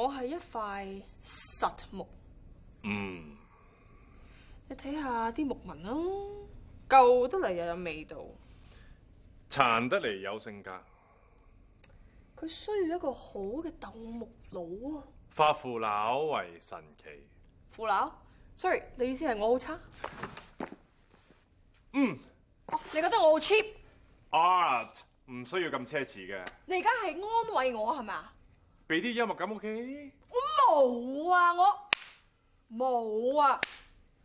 我係一塊實木，mm. 看看木，嗯，你睇下啲木紋啊，舊得嚟又有味道，殘得嚟有性格，佢需要一個好嘅鬥木佬啊，化腐朽為神奇，腐朽，sorry，你意思係我好差？嗯，mm. oh, 你覺得我好 cheap？Art 唔需要咁奢侈嘅，你而家係安慰我係咪？俾啲幽默感，OK？我冇啊，我冇啊，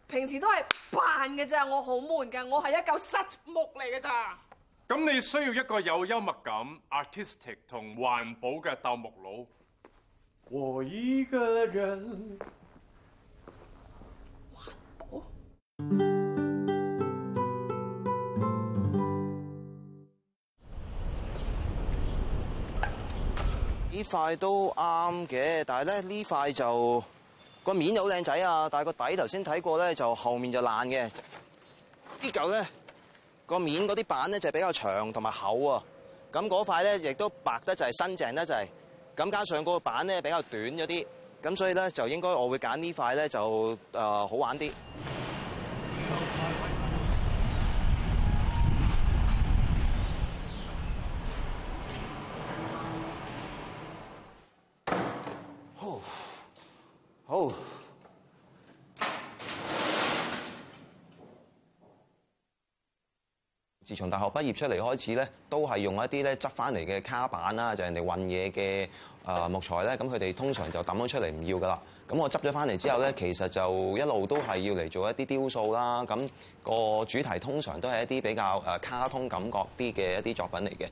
平時都係扮嘅咋，我好悶噶，我係一嚿實木嚟嘅咋。咁你需要一個有幽默感、artistic 同環保嘅鬥木佬。我一個人。環保。呢塊都啱嘅，但係咧呢塊就個面又好靚仔啊，但係個底頭先睇過咧就後面就爛嘅。啲舊咧個面嗰啲板咧就比較長同埋厚啊，咁嗰塊咧亦都白得就滯，新淨就滯，咁加上嗰個板咧比較短咗啲，咁所以咧就應該我會揀呢塊咧就誒、呃、好玩啲。自從大學畢業出嚟開始咧，都係用一啲咧執翻嚟嘅卡板啦，就係人哋運嘢嘅誒木材咧。咁佢哋通常就抌咗出嚟唔要噶啦。咁我執咗翻嚟之後咧，其實就一路都係要嚟做一啲雕塑啦。咁個主題通常都係一啲比較誒卡通感覺啲嘅一啲作品嚟嘅。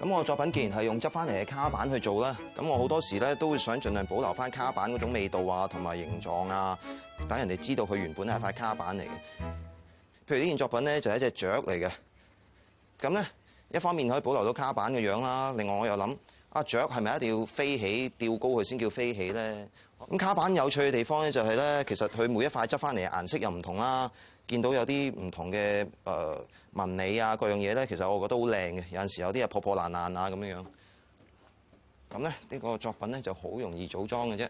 咁我作品既然係用執翻嚟嘅卡板去做啦，咁我好多時咧都會想盡量保留翻卡板嗰種味道啊，同埋形狀啊。等人哋知道佢原本係一塊卡板嚟嘅。譬如呢件作品咧，就係一隻雀嚟嘅。咁咧，一方面可以保留到卡板嘅樣啦。另外我又諗，啊雀係咪一定要飛起，吊高佢先叫飛起咧？咁卡板有趣嘅地方咧，就係咧，其實佢每一塊執翻嚟，顏色又唔同啦。見到有啲唔同嘅誒紋理啊，各樣嘢咧，其實我覺得好靚嘅。有陣時有啲啊破破爛爛啊咁樣。咁咧呢個作品咧就好容易組裝嘅啫。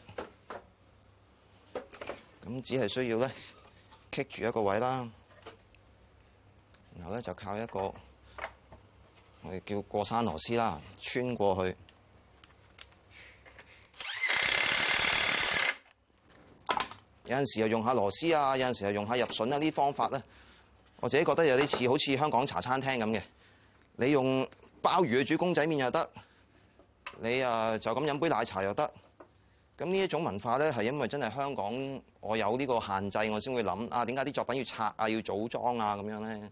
咁只係需要咧棘住一個位啦，然後咧就靠一個我哋叫過山螺絲啦，穿過去。有陣時又用下螺絲啊，有陣時又用下入榫啊，呢方法咧，我自己覺得有啲似好似香港茶餐廳咁嘅，你用鮑魚去煮公仔麵又得，你啊就咁飲杯奶茶又得。咁呢一種文化咧，係因為真係香港，我有呢個限制，我先會諗啊，點解啲作品要拆啊，要組裝啊咁樣咧？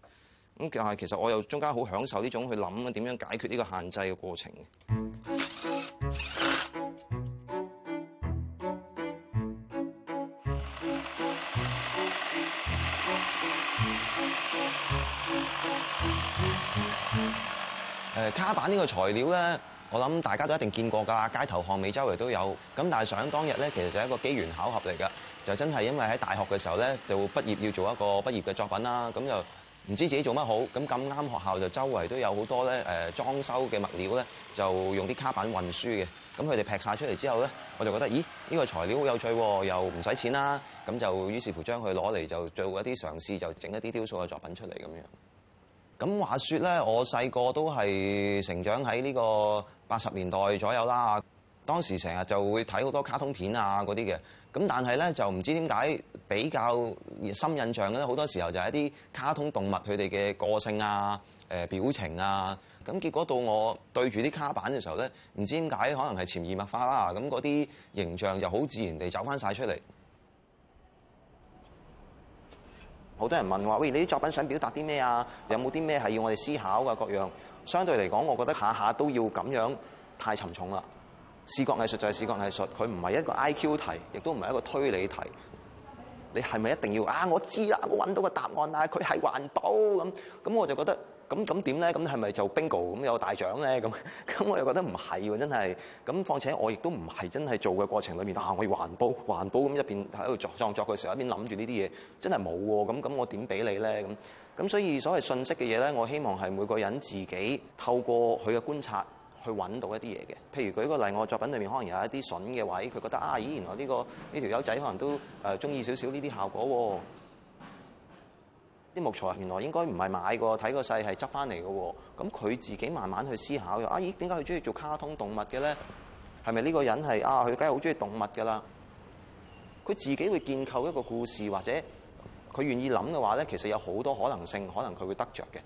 咁但係其實我又中間好享受呢種去諗點樣解決呢個限制嘅過程嘅、 呃。卡板呢個材料咧。我諗大家都一定見過㗎，街頭巷尾周圍都有咁。但係想當日咧，其實就係一個機緣巧合嚟㗎，就真係因為喺大學嘅時候咧，就畢業要做一個畢業嘅作品啦。咁就唔知自己做乜好，咁咁啱學校就周圍都有好多咧誒、呃、裝修嘅物料咧，就用啲卡板運輸嘅。咁佢哋劈晒出嚟之後咧，我就覺得咦呢、這個材料好有趣喎、啊，又唔使錢啦、啊。咁就於是乎將佢攞嚟就做一啲嘗試，就整一啲雕塑嘅作品出嚟咁樣。咁話說咧，我細個都係成長喺呢、這個，八十年代左右啦，當時成日就會睇好多卡通片啊嗰啲嘅，咁但係咧就唔知點解比較深印象咧，好多時候就係一啲卡通動物佢哋嘅個性啊、誒、呃、表情啊，咁結果到我對住啲卡板嘅時候咧，唔知點解可能係潛移默化啦，咁嗰啲形象就好自然地走翻晒出嚟。好多人問話，喂，你啲作品想表達啲咩啊？有冇啲咩係要我哋思考嘅各樣？相對嚟講，我覺得下下都要咁樣太沉重啦。視覺藝術就係視覺藝術，佢唔係一個 IQ 題，亦都唔係一個推理題。你係咪一定要啊？我知啦，我揾到個答案啊，佢係環保咁，咁我就覺得。咁咁點咧？咁係咪就 Bingo 咁有大獎咧？咁咁我又覺得唔係喎，真係咁。況且我亦都唔係真係做嘅過程裏面啊！我要環保，環保咁一邊喺度作創作嘅時候，一邊諗住呢啲嘢，真係冇喎。咁咁我點俾你咧？咁咁所以所謂信息嘅嘢咧，我希望係每個人自己透過佢嘅觀察去揾到一啲嘢嘅。譬如舉個例，我作品裏面可能有一啲筍嘅位，佢覺得啊，咦，原來呢、呢個呢條友仔可能都誒中意少少呢啲效果喎、哦。啲木材原來應該唔係買過睇個勢係執翻嚟嘅喎。咁佢自己慢慢去思考嘅。啊，咦，點解佢中意做卡通動物嘅咧？係咪呢個人係啊？佢梗係好中意動物噶啦。佢自己會建構一個故事，或者佢願意諗嘅話咧，其實有好多可能性，可能佢會得着嘅。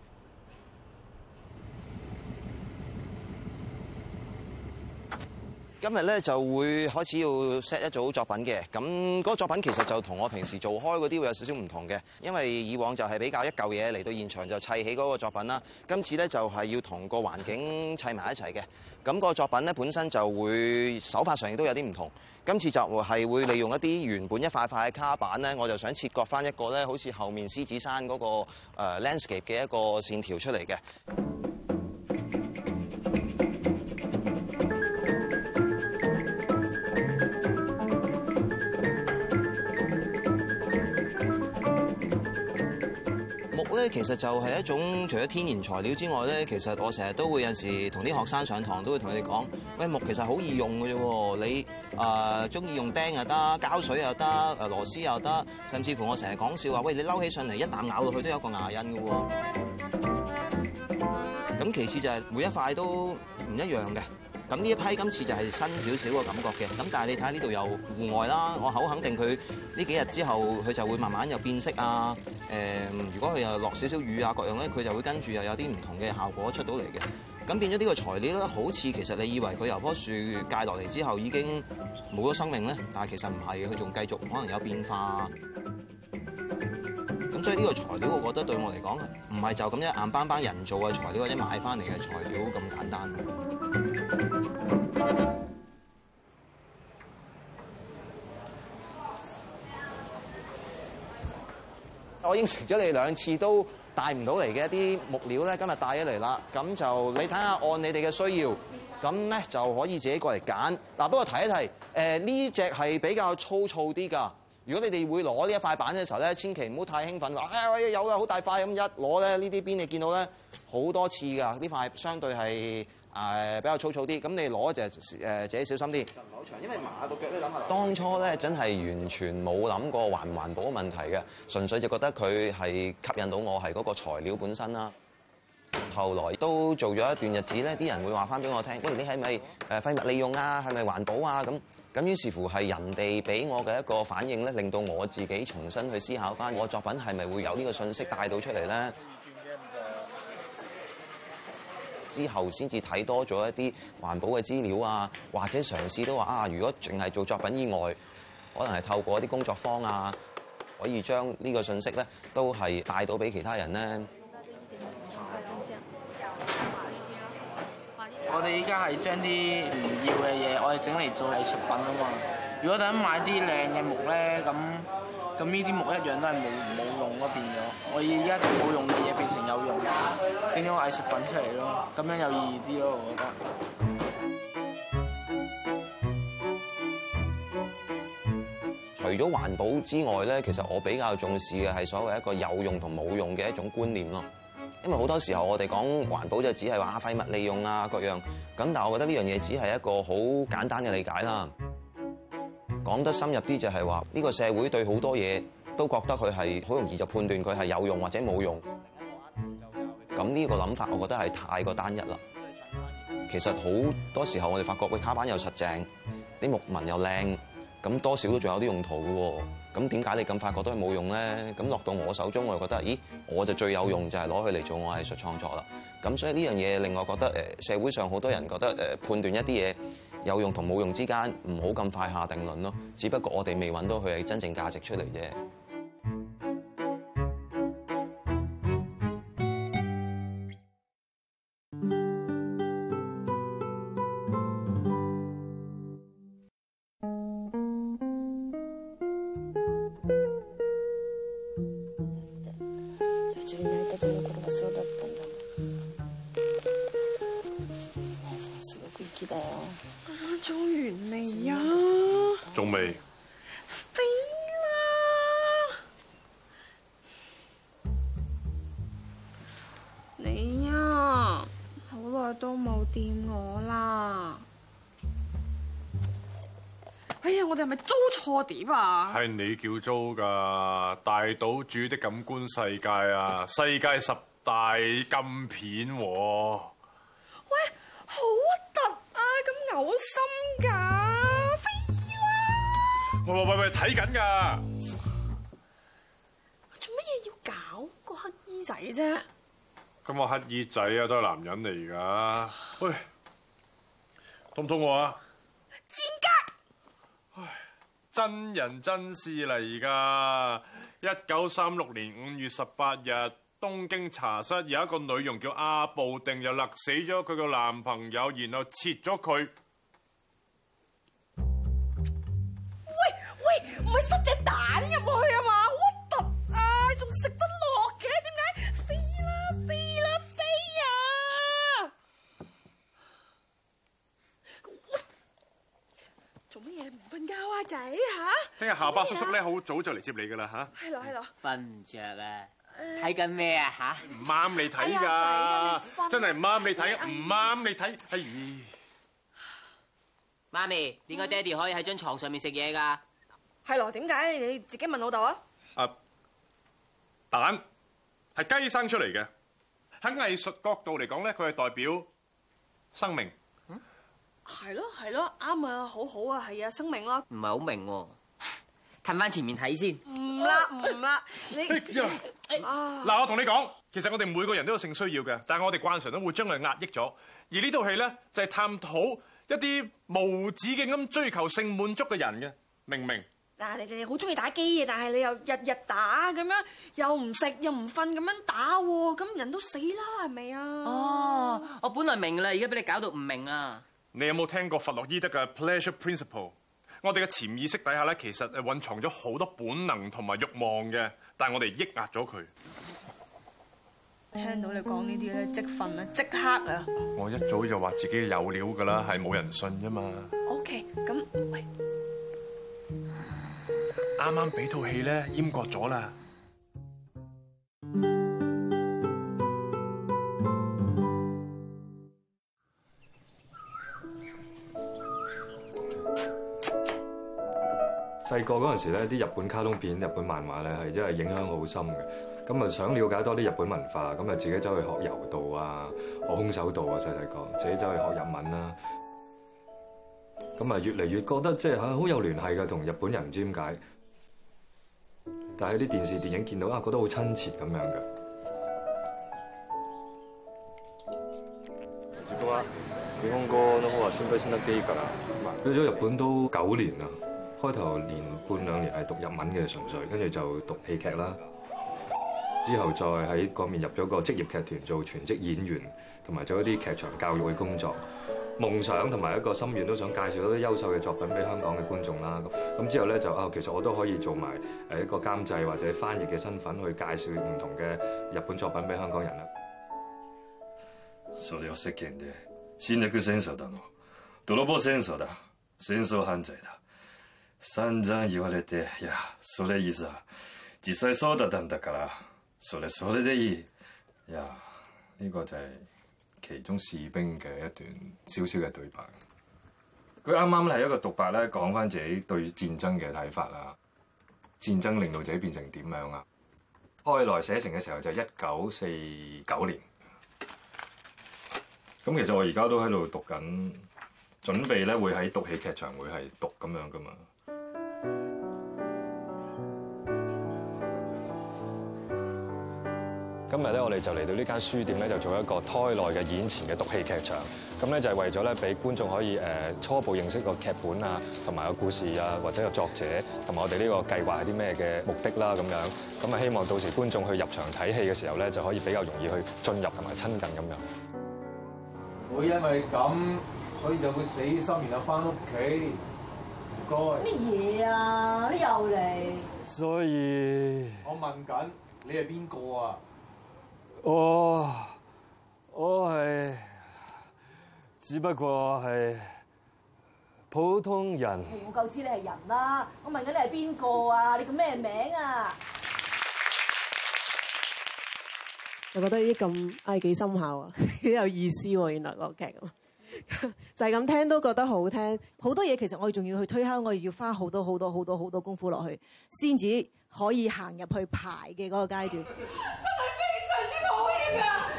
今日咧就會開始要 set 一組作品嘅，咁嗰個作品其實就同我平時做開嗰啲會有少少唔同嘅，因為以往就係比較一嚿嘢嚟到現場就砌起嗰個作品啦，今次咧就係要同個環境砌埋一齊嘅，咁個作品咧本身就會手法上亦都有啲唔同，今次就會係會利用一啲原本一塊塊卡板咧，我就想切割翻一個咧，好似後面獅子山嗰個、uh, landscape 嘅一個線條出嚟嘅。其實就係一種除咗天然材料之外咧，其實我成日都會有時同啲學生上堂都會同佢哋講：喂，木其實好易用嘅啫喎，你誒鍾意用釘又得，膠水又得，誒螺絲又得，甚至乎我成日講笑話：喂，你嬲起上嚟一啖咬落去都有個牙印嘅喎。咁其次就係每一塊都唔一樣嘅。咁呢一批今次就係新少少嘅感覺嘅，咁但係你睇下呢度又戶外啦，我好肯定佢呢幾日之後佢就會慢慢又變色啊，呃，如果佢又落少少雨啊各樣咧，佢就會跟住又有啲唔同嘅效果出到嚟嘅。咁變咗呢個材料咧，好似其實你以為佢由棵樹界落嚟之後已經冇咗生命咧，但係其實唔係，佢仲繼續可能有變化。所以呢個材料，我覺得對我嚟講，唔係就咁樣硬梆梆人造嘅材料或者買翻嚟嘅材料咁簡單。我應承咗你兩次都帶唔到嚟嘅一啲木料咧，今日帶咗嚟啦。咁就你睇下，按你哋嘅需要，咁咧就可以自己過嚟揀。嗱、啊，不過提一提，誒呢只係比較粗糙啲㗎。如果你哋會攞呢一塊板嘅時候咧，千祈唔好太興奮話，哎呀，有啊，好大塊咁一攞咧，呢啲邊你見到咧好多刺㗎，呢塊相對係誒、呃、比較粗糙啲，咁你攞就誒、呃、自己小心啲。唔好長，因為馬個腳都諗下。當初咧真係完全冇諗過環唔環保嘅問題嘅，純粹就覺得佢係吸引到我係嗰個材料本身啦。後來都做咗一段日子咧，啲人會話翻俾我聽，喂，如你係咪誒廢物利用啊？係咪環保啊？咁。咁於是乎係人哋俾我嘅一個反應咧，令到我自己重新去思考翻我作品係咪會有呢個信息帶到出嚟咧？之後先至睇多咗一啲環保嘅資料啊，或者嘗試都話啊，如果淨係做作品以外，可能係透過一啲工作坊啊，可以將呢個信息咧都係帶到俾其他人咧。我哋依家係將啲唔要嘅嘢，我哋整嚟做藝術品啊嘛！如果等買啲靚嘅木咧，咁咁呢啲木一樣都係冇冇用咯，變咗。我依家將冇用嘅嘢變成有用㗎，整咗藝術品出嚟咯，咁樣有意義啲咯，我覺得。除咗環保之外咧，其實我比較重視嘅係所謂一個有用同冇用嘅一種觀念咯。因為好多時候我哋講環保就只係話廢物利用啊各樣咁，但係我覺得呢樣嘢只係一個好簡單嘅理解啦。講得深入啲就係話，呢個社會對好多嘢都覺得佢係好容易就判斷佢係有用或者冇用。咁呢個諗法，我覺得係太過單一啦。其實好多時候我哋發覺佢卡板又實淨，啲木紋又靚。咁多少都仲有啲用途嘅喎，咁點解你咁發覺都係冇用咧？咁落到我手中，我又覺得，咦，我就最有用就係攞佢嚟做我藝術創作啦。咁所以呢樣嘢令我覺得，呃、社會上好多人覺得，呃、判斷一啲嘢有用同冇用之間，唔好咁快下定論咯。只不過我哋未揾到佢係真正價值出嚟啫。我做乜等。你啱租完未啊？仲未。飛啦！你啊，好耐都冇掂我啦！哎呀，我哋係咪租錯碟啊？係你叫租㗎，大島渚的感官世界啊，世界十。大禁片、啊喂啊這麼啊啊喂？喂，好核突啊！咁嘔心噶，飛啊！喂喂喂喂，睇緊噶，做乜嘢要搞個黑衣仔啫？咁我黑衣仔啊，都係男人嚟噶，喂，痛唔痛我啊？剪唉，真人真事嚟噶，一九三六年五月十八日。東京茶室有一個女傭叫阿布定，又勒死咗佢個男朋友，然後切咗佢。喂喂，唔係塞隻蛋入去啊嘛？好核突啊，仲食得落嘅？點解？飛啦飛啦飛啊！做乜嘢唔瞓覺啊，仔吓？聽日校巴叔叔咧好早就嚟接你噶啦吓。係咯係咯，瞓唔着啊。睇緊咩啊吓？唔啱你睇噶，真係唔啱你睇，唔啱你睇。哎咦，媽咪，點解爹哋可以喺張床上面食嘢噶？係咯，點解你自己問老豆啊？蛋係雞生出嚟嘅，喺藝術角度嚟講咧，佢係代表生命。嗯，係咯係咯，啱啊，好好啊，係啊，生命咯。唔係好明喎。行翻前面睇先，唔啦唔啦，你嗱我同你講，其實我哋每個人都有性需要嘅，但係我哋慣常都會將佢壓抑咗。而呢套戲咧就係探討一啲無止境咁追求性滿足嘅人嘅，明唔明？嗱，你哋好中意打機嘅，但係你又日日打咁樣，又唔食又唔瞓咁樣打，咁人都死啦，係咪啊？哦，我本來明啦，而家俾你搞到唔明啊。你有冇聽過弗洛伊德嘅 Pleasure Principle？我哋嘅潛意識底下咧，其實誒藴藏咗好多本能同埋欲望嘅，但係我哋抑壓咗佢。聽到你講呢啲咧，即瞓啦，即刻啊！我一早就話自己有料㗎喇，係冇人信啫嘛。OK，咁喂，啱啱俾套戲咧，閹割咗啦。細個嗰陣時咧，啲日本卡通片、日本漫畫咧，係真係影響好深嘅。咁啊，想了解多啲日本文化，咁啊，自己走去學柔道啊，學空手道啊。細細個自己走去學日文啦。咁啊，越嚟越覺得即係好有聯繫嘅同日本人，唔知點解。但係啲電視電影見到啊，覺得好親切咁樣嘅。去咗日本都九年啦。開頭年半兩年係讀日文嘅純粹，跟住就讀戲劇啦。之後再喺嗰面入咗個職業劇團做全職演員，同埋做一啲劇場教育嘅工作。夢想同埋一個心願都想介紹一啲優秀嘅作品俾香港嘅觀眾啦。咁咁之後咧就啊、哦，其實我都可以做埋誒一個監製或者翻譯嘅身份去介紹唔同嘅日本作品俾香港人啦。所以，我識嘅人哋先戰爭的奴奴僕戰爭的戰爭犯罪的。三三，言われ，ていや、それいざ、実際そうだったんだから、それそれでいい。呀，呢個就係其中士兵嘅一段小小嘅對白。佢啱啱咧係一個獨白咧，講翻自己對戰爭嘅睇法啦。戰爭令到自己變成點樣啊？開來寫成嘅時候就係一九四九年。咁其實我而家都喺度讀緊，準備咧會喺讀戲劇場會係讀咁樣噶嘛。今日咧，我哋就嚟到呢間書店咧，就做一個胎內嘅演前嘅讀戲劇場。咁咧就係為咗咧，俾觀眾可以誒初步認識個劇本啊，同埋個故事啊，或者個作者，同埋我哋呢個計劃係啲咩嘅目的啦。咁樣咁啊，希望到時觀眾去入場睇戲嘅時候咧，就可以比較容易去進入同埋親近咁樣。會因為咁，所以就會死心然後返屋企。唔該。咩嘢啊？乜又嚟。所以。我問緊你係邊個啊？哦，我係只不過係普通人。我夠知你係人啦、啊，我問緊你係邊個啊？你叫咩名啊？我覺得呢啲咁唉，幾、哎、深刻啊，幾有意思喎、啊！原來個劇、啊、 就係咁聽都覺得好聽，好多嘢其實我仲要去推敲，我又要花好多好多好多好多,多功夫落去，先至可以行入去排嘅嗰個階段。 啊、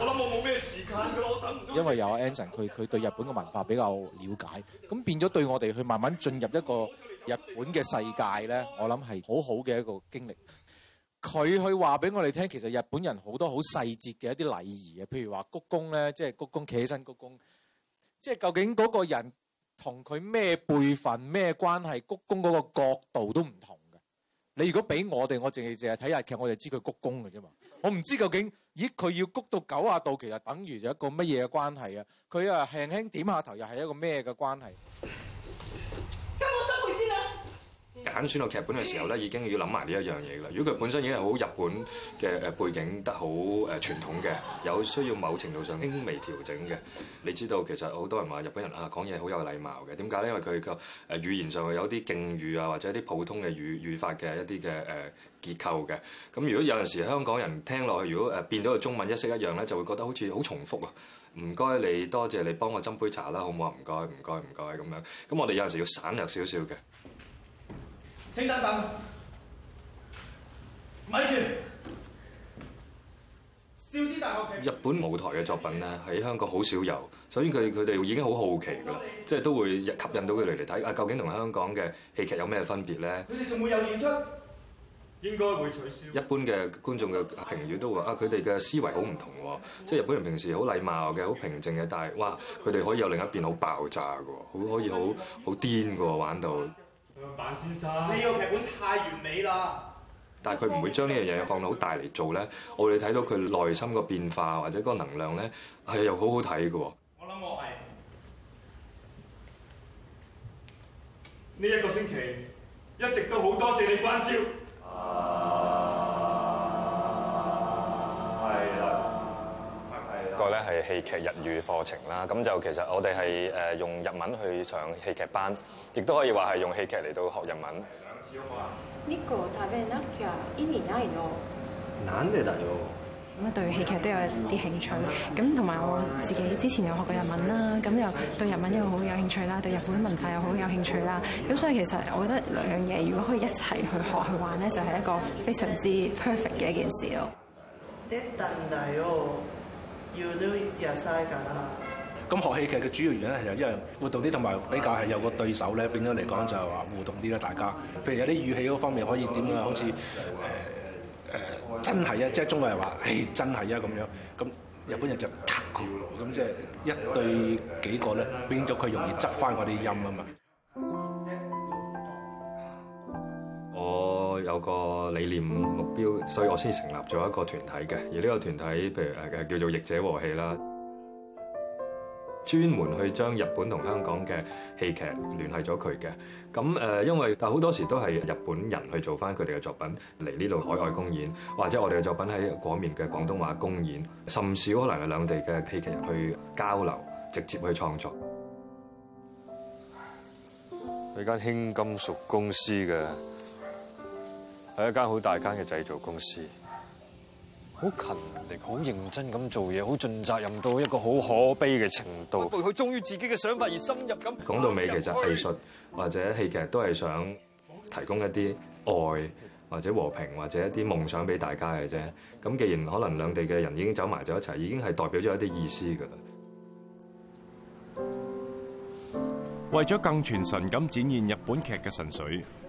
我諗我冇咩時間噶，我等唔到。因為有 Anson，佢佢對日本嘅文化比較了解，咁變咗對我哋去慢慢進入一個日本嘅世界咧，我諗係好好嘅一個經歷。佢去話俾我哋聽，其實日本人好多好細節嘅一啲禮儀嘅，譬如話鞠躬咧，即係鞠躬企起身鞠躬，即係究竟嗰個人同佢咩輩分、咩關係，鞠躬嗰個角度都唔同嘅。你如果俾我哋，我淨係淨係睇日劇，我就知佢鞠躬嘅啫嘛。我唔知究竟，咦佢要谷到九啊度，其實等於一個乜嘢嘅關係啊？佢啊輕輕點下頭，又係一個咩嘅關係？揀選個劇本嘅時候咧，已經要諗埋呢一樣嘢㗎啦。如果佢本身已經係好日本嘅誒背景，得好誒、呃、傳統嘅，有需要某程度上輕微調整嘅。你知道其實好多人話日本人啊講嘢好有禮貌嘅，點解咧？因為佢個誒語言上有啲敬語啊，或者啲普通嘅語語法嘅一啲嘅誒結構嘅。咁如果有陣時香港人聽落去，如果誒變到個中文一式一樣咧，就會覺得好似好重複啊。唔該你多謝你幫我斟杯茶啦，好唔好啊？唔該唔該唔該咁樣。咁我哋有陣時要省略少少嘅。請等等，咪住！笑之大學劇。日本舞台嘅作品咧，喺香港好少有，首先，佢佢哋已經好好奇㗎喇，即係都會吸引到佢哋嚟睇啊！究竟同香港嘅戲劇有咩分別咧？佢哋仲會有演出？應該會取消。一般嘅觀眾嘅評語都話啊，佢哋嘅思維好唔同喎，即係日本人平時好禮貌嘅、好平靜嘅，但係哇，佢哋可以有另一邊好爆炸㗎，好可以好好癲㗎，玩到。萬先生，呢個劇本太完美啦。但係佢唔會將呢樣嘢放到好大嚟做咧，我哋睇到佢內心個變化或者嗰個能量咧，係又好好睇嘅。我諗我係呢一個星期，一直都好多謝你關照。咧係戲劇日語課程啦，咁就其實我哋係誒用日文去上戲劇班，亦都可以話係用戲劇嚟到學日文。呢個睇咩嘢啊？意味係咩嘢咯？難你大佬。咁啊，對戲劇都有一啲興趣，咁同埋我自己之前有學過日文啦，咁又對日文又好有興趣啦，對日本文化又好有興趣啦，咁所以其實我覺得兩樣嘢如果可以一齊去學去玩咧，就係、是、一個非常之 perfect 嘅一件事咯。都入曬噶啦。咁學戲劇嘅主要原因咧，係就因為活動啲，同埋比較係有個對手咧，變咗嚟講就係話互動啲啦，大家。譬如有啲語氣嗰方面可以點樣，好似誒誒真係啊，即係中國人話，誒真係啊咁樣。咁日本人就咁、是，即係一對幾個咧，變咗佢容易執翻嗰啲音啊嘛。個理念目標，所以我先成立咗一個團體嘅。而呢個團體，譬如誒叫做《譯者和戲》啦，專門去將日本同香港嘅戲劇聯繫咗佢嘅。咁誒，因為但係好多時都係日本人去做翻佢哋嘅作品嚟呢度海外公演，或者我哋嘅作品喺嗰面嘅廣東話公演，甚少可能係兩地嘅戲劇人去交流，直接去創作。呢間輕金屬公司嘅。係一間好大間嘅製造公司，好勤力、好認真咁做嘢，好盡責任到一個好可悲嘅程度。佢忠於自己嘅想法而深入咁。講到尾其實藝術或者戲劇都係想提供一啲愛或者和平或者一啲夢想俾大家嘅啫。咁既然可能兩地嘅人已經走埋咗一齊，已經係代表咗一啲意思㗎啦。為咗更全神咁展現日本劇嘅神髓。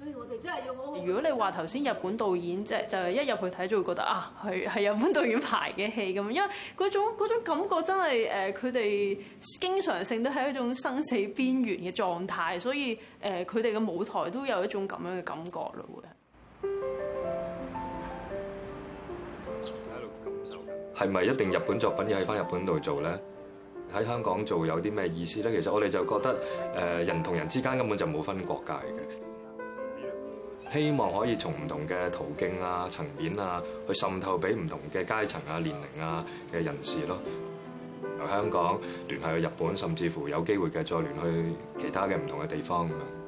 所以我哋真係要好如果你話頭先日本導演，即係就一入去睇就會覺得啊，係係日本導演排嘅戲咁樣，因為嗰種嗰種感覺真係誒，佢哋經常性都係一種生死邊緣嘅狀態，所以誒佢哋嘅舞台都有一種咁樣嘅感覺咯。會係咪一定日本作品要喺翻日本度做咧？喺香港做有啲咩意思咧？其實我哋就覺得誒人同人之間根本就冇分國界嘅。希望可以從唔同嘅途徑啊、層面啊，去滲透俾唔同嘅階層啊、年齡啊嘅人士咯、啊。由香港聯繫去日本，甚至乎有機會嘅再聯去其他嘅唔同嘅地方咁樣。